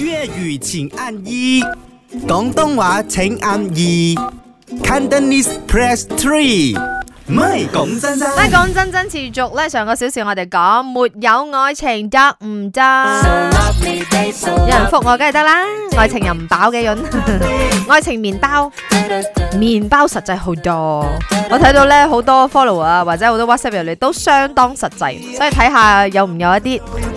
粵語請按一，廣東話請按二。Cantonese press three。MY 講真真，唔係講真真。持續咧，上個小時我哋講沒有愛情得唔得？有人覆我，梗係得啦。愛情又唔飽嘅樣， 愛情麵包，麵包實際好多。我睇到咧，好多 follow 啊，或者好多 WhatsApp 你都相當實際，所以睇下有唔有一啲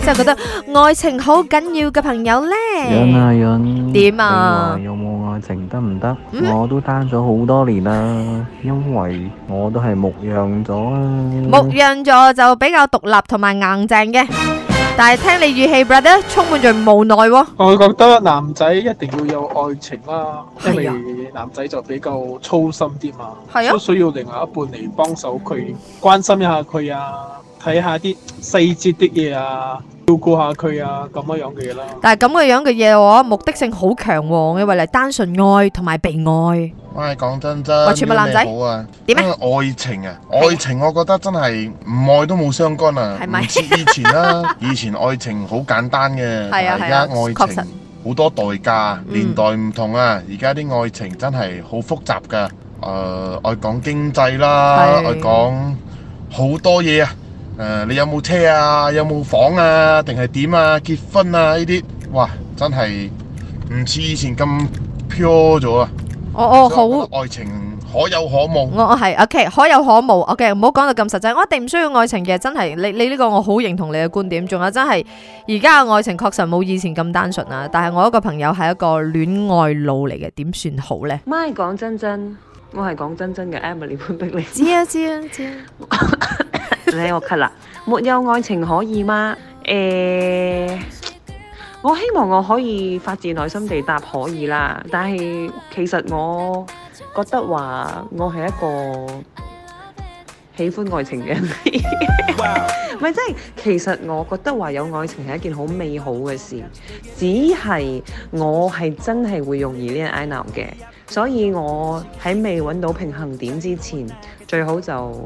即係覺得愛情好緊要嘅朋友呢？有啊有。點啊？你話有冇愛情得唔得？行行。嗯、我都單咗好多年啦，因為我都係牧羊座啊。牧羊座就比較獨立同埋硬淨嘅。嗯但係聽你語氣，brother，充滿着無奈喎。我覺得男仔一定要有愛情啦、啊，啊、因為男仔就比較粗心啲嘛，都、啊、需要另外一半嚟幫手佢關心一下佢啊。睇下啲細節啲嘢啊，照顧下佢啊，咁樣、啊、樣嘅嘢啦。但係咁嘅樣嘅嘢嘅目的性好強喎、哦，為嚟單純愛同埋被愛。喂，講真真全部男仔好啊？點解、啊、愛情啊，愛情，我覺得真係唔愛都冇相干啊。係咪？以前啦、啊， 以前愛情好簡單嘅，啊，而家愛情好多代價， 年代唔同啊。而家啲愛情真係好複雜㗎。誒、呃，愛講經濟啦，愛講好多嘢啊。誒、呃，你有冇車啊？有冇房啊？定係點啊？結婚啊？呢啲哇，真係唔似以前咁 pure 咗啊！哦哦、我我好愛情可有可無。我我係 ok 可有可無 ok 唔好講到咁實際，我一定唔需要愛情嘅，真係你你呢個我好認同你嘅觀點。仲有真係而家嘅愛情確實冇以前咁單純啊。但係我一個朋友係一個戀愛腦嚟嘅，點算好呢？唔係講真真，我係講真真嘅 Emily 潘碧你。知啊知啊知啊。 你我 cut 啦，沒有愛情可以嗎？誒、欸，我希望我可以發自內心地答可以啦，但係其實我覺得話我係一個喜歡愛情嘅人，唔係即係其實我覺得話有愛情係一件好美好嘅事，只係我係真係會容易呢個哀鬧嘅，所以我喺未揾到平衡點之前，最好就。